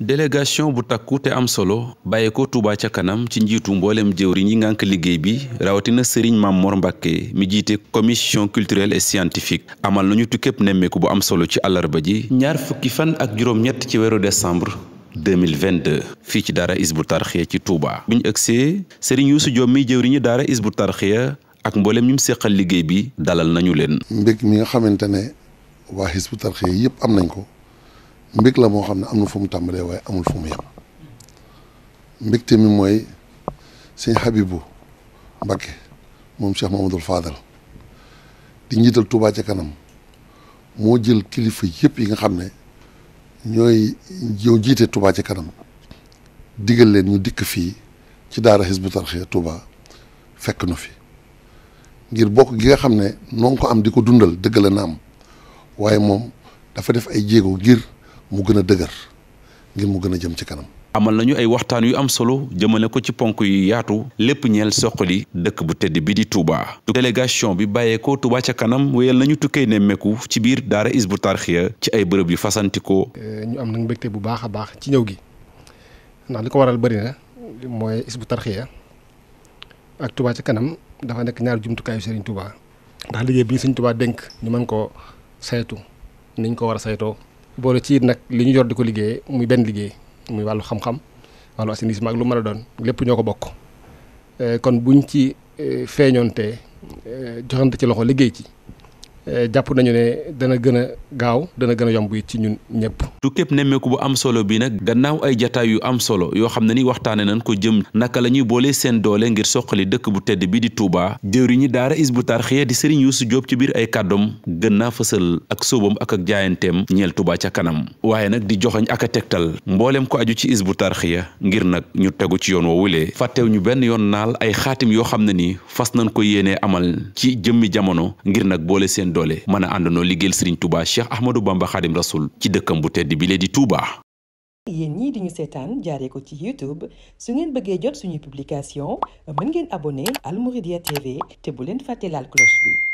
délégation bu takku te am solo bàyyee ko Touba ca kanam ci njiitu mboolem jëwriñ yi ngànk liggéey bi rawatina Serigne Mame Mor mi jiite commission culturel et scientifique amal nañu tukkëb nemmeeku bu am solo ci àllarba ji ñaar fukki fan ak juróom-ñett ci weeru décembre 2022 fii ci dara daara Hizbut Tarqiyyah ci Touba. bu ñu egsee Serigne Youssou Diop mi jëwriñu daara Hizbut Tarqiyyah ak mboolem ñu mu liggéey bi dalal nañu leen. mbég ñi nga xamante ne waa Hizbut Tarqiyyah yëpp am nañ ko. mbég la moo xam ne am na fu mu tàmbalee waaye amul fu mu yem mbégte mi mooy sëñ Habibu Mbakke moom Cheikh Mamadul Fadal di njiital Touba ci kanam moo jël kilifa yëpp yi nga xam ne ñooy yow jiite Touba ci kanam digal leen ñu dikk fii ci daara Hizbut Tarqiyyah Touba fekk nu fi ngir bokk gi nga xam ne noo ko am di ko dundal dëgg la na am waaye moom dafa def ay jéego ngir mu gën a dëgër ngir mu gën a jëm ci kanam. amal nañu ay waxtaan yu am solo jëmale ko ci ponk yu yaatu lépp ñeel soqali dëkk bu tedd bi di Touba. délégation bi bàyyeekoo Touba ca kanam wéyal nañu tukkee nemmeeku ci biir daara Hizbut Tarqiyyah ci ay bërëb yu fasantikoo. Eh, ñu am nag mbégte bu baax a baax ci ñëw gi ndax li ko waral bari na mooy Hizbut Tarqiyyah ak Touba ca kanam dafa nekk ñaari jumtukaayu Serigne Touba. ndax liggéey bi Serigne Touba dénk ñu mën koo saytu niñ ko war a saytoo. boole ci yit nag li ñu yor di ko liggéeyee muy benn liggéey muy wàllu xam-xam wàllu assainissement ak lu ma a doon lépp ñoo ko bokk eh, kon buñ ci eh, feeñoontee eh, joxante ci loxo liggéey ci Euh, jàpp nañu ne dana gën a gaaw dana gën a yomb it ci ñun ñëpp. tukkeeb nemmeeku bu am solo bi nag gannaaw ay jataay yu am solo yoo xam ne ni waxtaane nañ ko jëm naka la ñuy boolee seen doole ngir soqali dëkk bu tedd bi di Touba jëwriñu daara Hizbut Tarqiyyah di Serigne Youssou Diop ci biir ay kàddoom gën naa fësal ak sóobam ak ak jaayanteem ñeel Touba ca kanam waaye nag di joxoñ ak a tegtal mbooleem ko aju ci is Hizbut Tarqiyyah ngir nag ñu tegu ci yoon woowulee fàttewu ñu benn yoon naal ay xaatim yoo xam ne ni fas nañ ko yéenee amal ci jëmmi jamono ngir nag boole doole mën a àndandoo liggéeyal Serigne Touba Cheikh Ahmadou Bamba Khadim Rasoul ci dëkkam bu tedd bi lee di Touba. yéen ñii di ñu seetaan jaaree ko ci YouTube su ngeen bëggee jot suñu publication mën ngeen abonné Al Mouridiyyah TV te bu leen fàtte laal cloche bi.